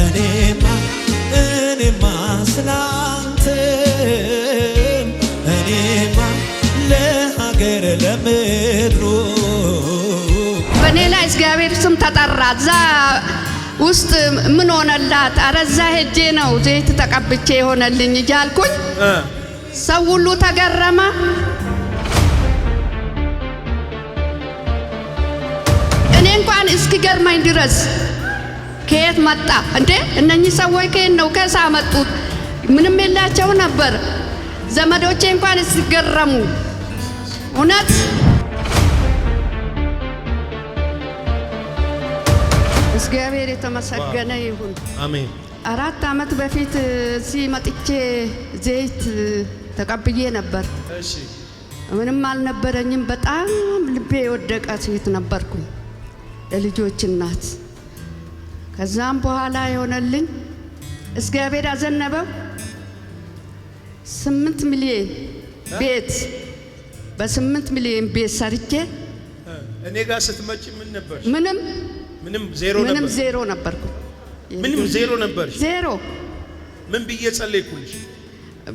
እኔማ እኔማ ስላንተ እኔማ ለሀገር ለምድሩ በእኔ ላይ እግዚአብሔር ስም ተጠራ። እዛ ውስጥ ምን ሆነላት? አረ እዛ ሄጄ ነው ዘይት ተቀብቼ የሆነልኝ እያልኩኝ ሰው ሁሉ ተገረመ። እኔ እንኳን እስኪገርመኝ ድረስ ከየት መጣ እንዴ? እነኚህ ሰዎች ከየት ነው ከሳ መጡት? ምንም የላቸው ነበር። ዘመዶቼ እንኳን ሲገረሙ እውነት እግዚአብሔር የተመሰገነ ይሁን። አሜን። አራት ዓመት በፊት እዚህ መጥቼ ዘይት ተቀብዬ ነበር። ምንም አልነበረኝም። በጣም ልቤ የወደቀ ሴት ነበርኩ፣ የልጆች እናት ከዛም በኋላ የሆነልኝ እግዚአብሔር አዘነበው ስምንት ሚሊዮን ቤት በስምንት ሚሊዮን ቤት ሰርቼ እኔ ጋር ስትመጪ ምን ነበር? ምንም ምንም ዜሮ ነበር። ምንም ዜሮ ነበርኩ። ምንም ዜሮ ነበር። ዜሮ ምን ብዬ ጸለይኩልሽ?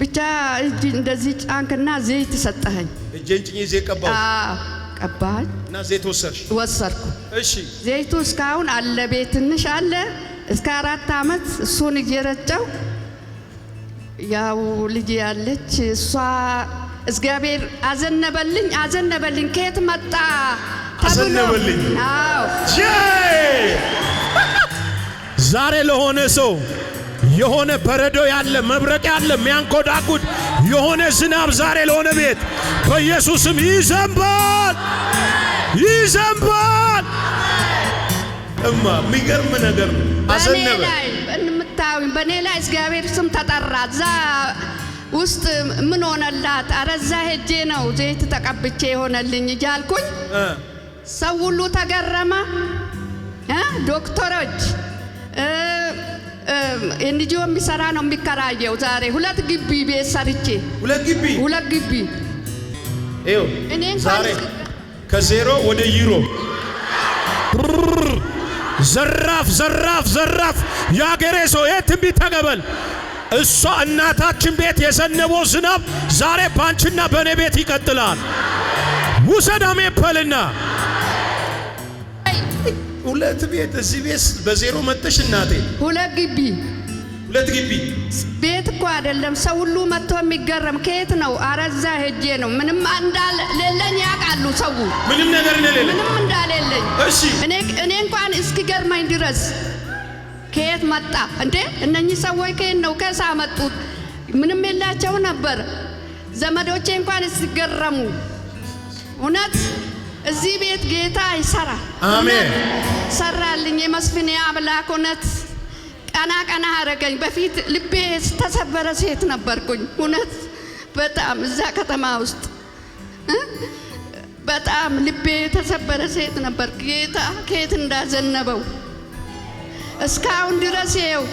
ብቻ እጅ እንደዚህ ጫንክና ዘይት ሰጠኸኝ። እጄን ጭኜ ዘይት ቀባሁ። ቀባኝ እና ዘይት ወሰድሽ? ወሰድኩ። እሺ ዘይቱ እስካሁን አለ፣ ቤት ትንሽ አለ። እስከ አራት አመት እሱን እየረጨው ያው ልጅ ያለች እሷ እግዚአብሔር አዘነበልኝ አዘነበልኝ ከየት መጣ አዘነበልኝ። አዎ ዛሬ ለሆነ ሰው የሆነ በረዶ ያለ መብረቅ ያለ ሚያንኮዳጉድ የሆነ ዝናብ ዛሬ ለሆነ ቤት በኢየሱስም ይዘንባል፣ ይዘንባል። እማ የሚገርም ነገር አዘነበ። በእኔ ላይ እግዚአብሔር ስም ተጠራ። እዛ ውስጥ ምን ሆነላት? አረ እዛ ሄጄ ነው ዘይት ተቀብቼ የሆነልኝ እያልኩኝ ሰው ሁሉ ተገረመ። ዶክተሮች እንጂ የሚሰራ ነው የሚከራየው። ዛሬ ሁለት ግቢ ቤት ሰርቼ ሁለት ግቢ ሁለት ግቢ ዛሬ ከዜሮ ወደ ዩሮ ዘራፍ ዘራፍ ዘራፍ የአገሬ ሰው ይህ ትንቢት ተቀበል። እሷ እናታችን ቤት የዘነበው ዝናብ ዛሬ ባንቺና በእኔ ቤት ይቀጥላል። ውሰድ አሜን በልና ሁለት ቤት እዚህ ቤት በዜሮ መጥተሽ እናቴ፣ ሁለት ግቢ ሁለት ግቢ ቤት እኮ አይደለም። ሰው ሁሉ መጥቶ የሚገረም ከየት ነው? አረዛ ሄጄ ነው። ምንም እንዳሌለኝ ያውቃሉ ሰው ምንም ነገር እንደሌለ ምንም እንዳሌለኝ። እሺ እኔ እኔ እንኳን እስኪገርመኝ ድረስ ከየት መጣ እንዴ? እነኚህ ሰዎች ከየት ነው ከሳ መጡት? ምንም የላቸው ነበር። ዘመዶቼ እንኳን እስኪገረሙ እውነት እዚህ ቤት ጌታ ይሰራል። አሜን። ሰራልኝ። የመስፍኔ አምላክ እውነት ቀና ቀና አረገኝ። በፊት ልቤ ተሰበረ ሴት ነበርኩኝ። እውነት በጣም እዛ ከተማ ውስጥ በጣም ልቤ የተሰበረ ሴት ነበር። ጌታ ከየት እንዳዘነበው እስካሁን ድረስ ይኸው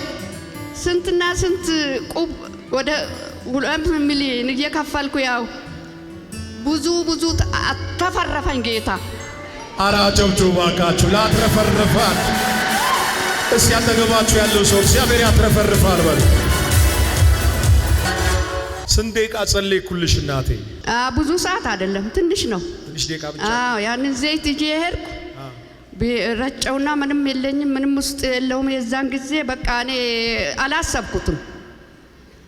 ስንትና ስንት ቁብ ወደ ሁለት ሚሊዮን እየከፈልኩ ያው ብዙ ብዙ ተፈረፈኝ ጌታ። አረ አጨብጭቡ ባካችሁ ላትረፈርፋል። እስኪ አጠገባችሁ ያለው ሰው እግዚአብሔር ያትረፈርፋል በል። ስንት ደቂቃ ጸለይኩልሽ እናቴ? ብዙ ሰዓት አይደለም ትንሽ ነው። ትንሽ ደቂቃ ብቻ። አዎ ያንን ዘይት ይዤ ሄድኩ ረጨውና ምንም የለኝም ምንም ውስጥ የለውም። የዛን ጊዜ በቃ እኔ አላሰብኩትም።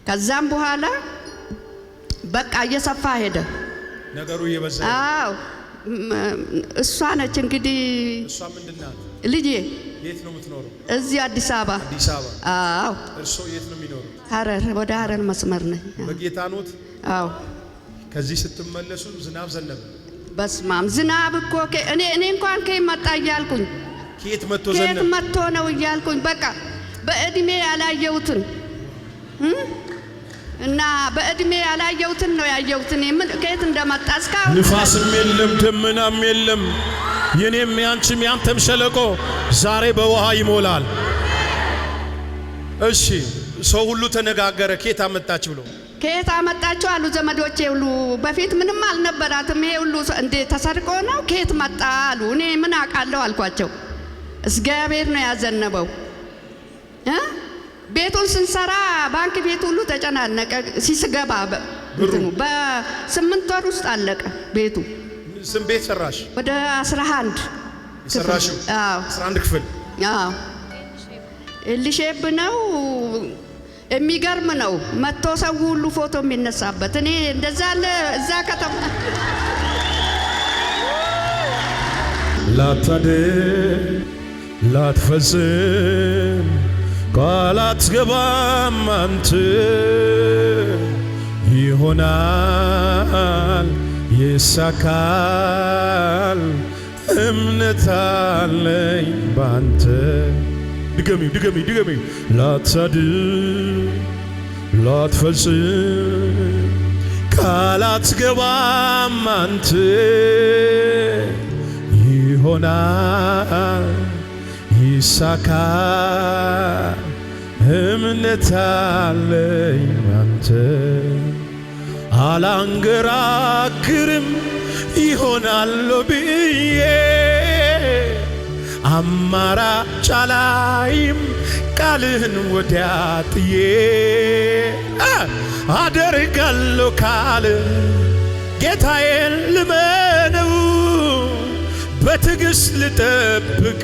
ከዛም በኋላ በቃ እየሰፋ ሄደ። ነገሩ እየበዛ አዎ እሷ ነች እንግዲህ እሷ ምንድናት ልጄ የት ነው የምትኖረው እዚህ አዲስ አበባ አዲስ አበባ አዎ እርሶ የት ነው የሚኖረው ሀረር ወደ ሀረር መስመር ነኝ በጌታ ኖት አዎ ከዚህ ስትመለሱ ዝናብ ዘነበ በስማም ዝናብ እኮ እኔ እኔ እንኳን ከየት መጣ እያልኩኝ ከየት መጥቶ ዘነበ ከየት መጥቶ ነው እያልኩኝ በቃ በእድሜ ያላየሁትን እና በእድሜ ያላየሁትን ነው እኔ ምን ከየት እንደመጣ እስካሁን ንፋስም የለም ደመናም የለም። የኔም ያንቺም ያንተም ሸለቆ ዛሬ በውሃ ይሞላል። እሺ፣ ሰው ሁሉ ተነጋገረ። ከየት አመጣች ብሎ ከየት አመጣችሁ አሉ ዘመዶቼ ሁሉ። በፊት ምንም አልነበራትም። ይሄ ሁሉ እንዴ ተሰርቆ ነው ከየት መጣ አሉ። እኔ ምን አውቃለሁ አልኳቸው። እግዚአብሔር ነው ያዘነበው እ ቤቱን ስንሰራ ባንክ ቤት ሁሉ ተጨናነቀ። ሲስገባ በስምንት ወር ውስጥ አለቀ ቤቱ። ስንት ቤት ሰራሽ? ወደ አስራ አንድ ሰራሽው? አስራ አንድ ክፍል ልሼብ ነው። የሚገርም ነው። መጥቶ ሰው ሁሉ ፎቶ የሚነሳበት እኔ እንደዛ አለ እዛ ከተማ ላታድር ላትፈጽም አትገባም አንተ ይሆናል ይሳካል እምነት አለኝ ባንተ። ድገሚ ድገሚ ድገሚው ላታድር ላትፈጽም ቃል አንተ ይሆናል ይሳካል እምነት አለኝ ባንተ አላንገራግርም ይሆናል ብዬ አማራጭ አላይም ቃልህን ወዲያ ጥዬ አደርጋለሁ ካል ጌታዬን ልመነው በትዕግሥት ልጠብቅ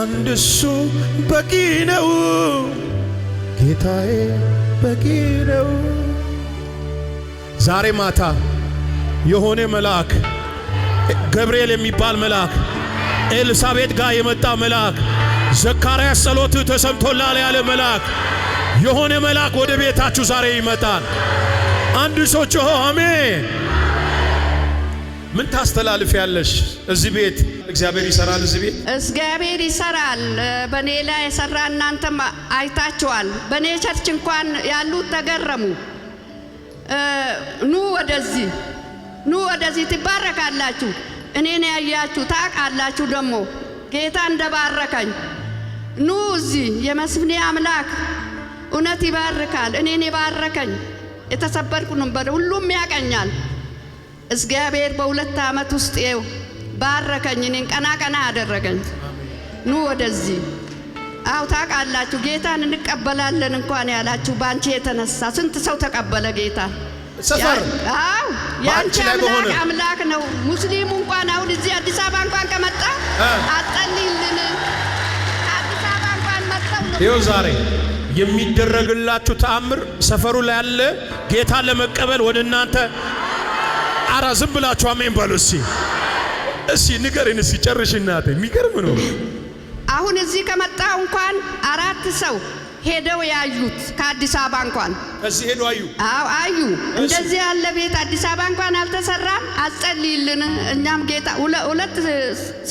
አንድ እሱ በቂ ነው። ጌታዬ በቂ ነው። ዛሬ ማታ የሆነ መልአክ ገብርኤል የሚባል መልአክ ኤልሳቤጥ ጋር የመጣ መልአክ ዘካርያስ ጸሎት ተሰምቶላል ያለ መልአክ የሆነ መልአክ ወደ ቤታችሁ ዛሬ ይመጣል። አንድ ሰው ጮሆ አሜን። ምን ታስተላልፍ ያለሽ እዚህ ቤት? እግዚአብሔር ይሰራል። እዚህ ቤት እግዚአብሔር ይሰራል። በእኔ ላይ የሰራ እናንተም አይታችኋል። በእኔ ቸርች እንኳን ያሉት ተገረሙ። ኑ ወደዚህ፣ ኑ ወደዚህ፣ ትባረካላችሁ። እኔን ያያችሁ ታውቃላችሁ። ደግሞ ጌታ እንደባረከኝ ኑ እዚህ። የመስፍኔ አምላክ እውነት ይባርካል። እኔን የባረከኝ የተሰበርኩ ነበር፣ ሁሉም ያቀኛል። እግዚአብሔር በሁለት ዓመት ውስጥ ይኸው ባረከኝ፣ እኔን ቀና ቀና አደረገኝ። ኑ ወደዚህ አው ታውቃላችሁ፣ ጌታን እንቀበላለን እንኳን ያላችሁ በአንቺ የተነሳ ስንት ሰው ተቀበለ ጌታ ሰፈር። አው የአንቺ አምላክ አምላክ ነው። ሙስሊሙ እንኳን አሁን እዚህ አዲስ አበባ እንኳን ከመጣ አጠልይልን አዲስ አበባ እንኳን መጣው ነው ዛሬ የሚደረግላችሁ ተአምር ሰፈሩ ላይ ያለ ጌታ ለመቀበል ወደ እናንተ አራ ዝም ብላችሁ አሜን በሉ። እስቲ እስቲ ንገሪን እስቲ ጨርሽ እናቴ። የሚገርም ነው። አሁን እዚህ ከመጣሁ እንኳን አራት ሰው ሄደው ያዩት ከአዲስ አበባ እንኳን እዚህ ሄዱ አዩ። አዎ አዩ። እንደዚህ ያለ ቤት አዲስ አበባ እንኳን አልተሰራም። አጸልይልን። እኛም ጌታ ሁለት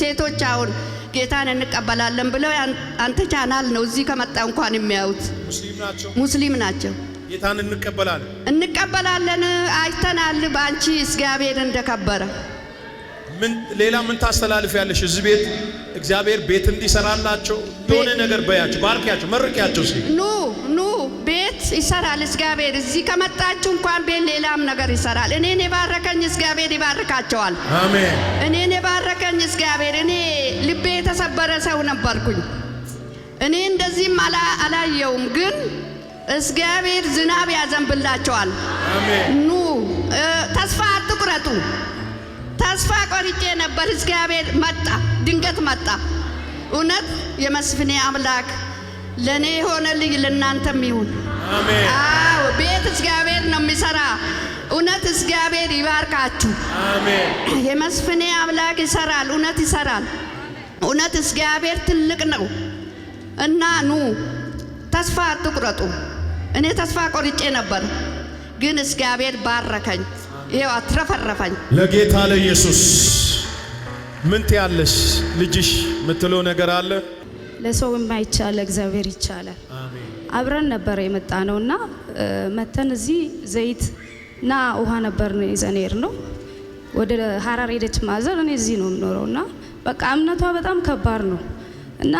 ሴቶች አሁን ጌታን እንቀበላለን ብለው አንተ ቻናል ነው እዚህ ከመጣ እንኳን የሚያዩት ሙስሊም ናቸው። ጌታን እንቀበላለን እንቀበላለን። አይተናል በአንቺ እግዚአብሔር እንደከበረ። ምን ሌላ ምን ታስተላልፍ ያለሽ? እዚህ ቤት እግዚአብሔር ቤት እንዲሰራላቸው የሆነ ነገር በያቸው፣ ባርኪያቸው፣ መርቂያቸው። እስኪ ኑ ኑ ቤት ይሰራል እግዚአብሔር። እዚህ ከመጣችሁ እንኳን ቤት ሌላም ነገር ይሰራል። እኔን የባረከኝ እግዚአብሔር ይባርካቸዋል። አሜን። እኔን የባረከኝ እግዚአብሔር። እኔ ልቤ የተሰበረ ሰው ነበርኩኝ። እኔ እንደዚህም አላየውም ግን እግዚአብሔር ዝናብ ያዘንብላቸዋል። ኑ ተስፋ አትቁረጡ። ተስፋ ቆርጬ ነበር፣ እግዚአብሔር መጣ፣ ድንገት መጣ። እውነት የመስፍኔ አምላክ ለእኔ የሆነልኝ ለእናንተም ይሁን። አዎ ቤት እግዚአብሔር ነው የሚሰራ። እውነት እግዚአብሔር ይባርካችሁ። የመስፍኔ አምላክ ይሰራል፣ እውነት ይሰራል። እውነት እግዚአብሔር ትልቅ ነው እና ኑ ተስፋ አትቁረጡ። እኔ ተስፋ ቆርጬ ነበር፣ ግን እግዚአብሔር ባረከኝ። ይሄው አትረፈረፈኝ። ለጌታ ለኢየሱስ ምን ትያለሽ? ልጅሽ የምትለው ነገር አለ? ለሰው የማይቻል እግዚአብሔር ይቻላል። አብረን ነበር የመጣ ነውና መተን እዚህ ዘይት እና ውሃ ነበር ነው ነው። ወደ ሀራር ሄደች ማዘር። እኔ እዚህ ነው የምኖረውና በቃ እምነቷ በጣም ከባድ ነው እና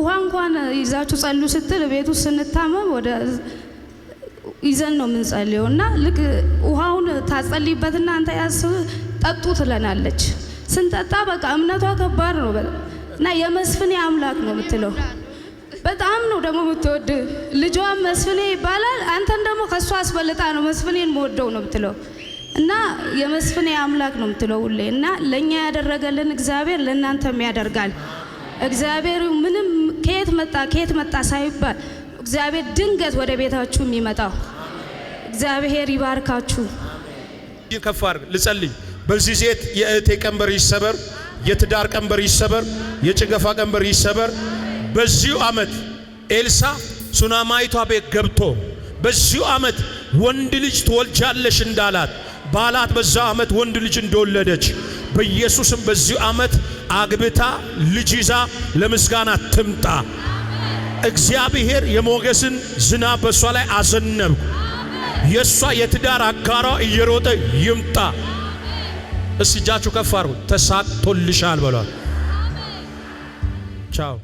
ውሃ እንኳን ይዛችሁ ጸሉ ስትል ቤት ውስጥ ስንታመም ወደ ይዘን ነው የምንጸልየው እና ልክ ውሃውን ታጸልይበትና አንተ ያስብ ጠጡ ትለናለች። ስንጠጣ በቃ እምነቷ ከባድ ነው እና የመስፍኔ አምላክ ነው የምትለው በጣም ነው ደግሞ የምትወድ ልጇን መስፍኔ ይባላል። አንተን ደግሞ ከእሷ አስበልጣ ነው መስፍኔን መወደው ነው የምትለው እና የመስፍኔ አምላክ ነው የምትለው ሁሌ እና ለእኛ ያደረገልን እግዚአብሔር ለእናንተም ያደርጋል። እግዚአብሔር ምንም ከየት መጣ ከየት መጣ ሳይባል እግዚአብሔር ድንገት ወደ ቤታችሁ የሚመጣው እግዚአብሔር ይባርካችሁ። ከፍ ልጸልይ። በዚህ ሴት የእህቴ ቀንበር ይሰበር፣ የትዳር ቀንበር ይሰበር፣ የጭገፋ ቀንበር ይሰበር። በዚሁ ዓመት ኤልሳ ሱናማይቷ ቤት ገብቶ በዚሁ ዓመት ወንድ ልጅ ትወልጃለሽ እንዳላት ባላት በዛ ዓመት ወንድ ልጅ እንደወለደች በኢየሱስም በዚሁ ዓመት አግብታ ልጅ ይዛ ለምስጋና ትምጣ። እግዚአብሔር የሞገስን ዝናብ በእሷ ላይ አዘነብ። የእሷ የትዳር አጋሯ እየሮጠ ይምጣ። እስጃችሁ ከፍ አርጉ። ተሳክቶልሻል በሏል። ቻው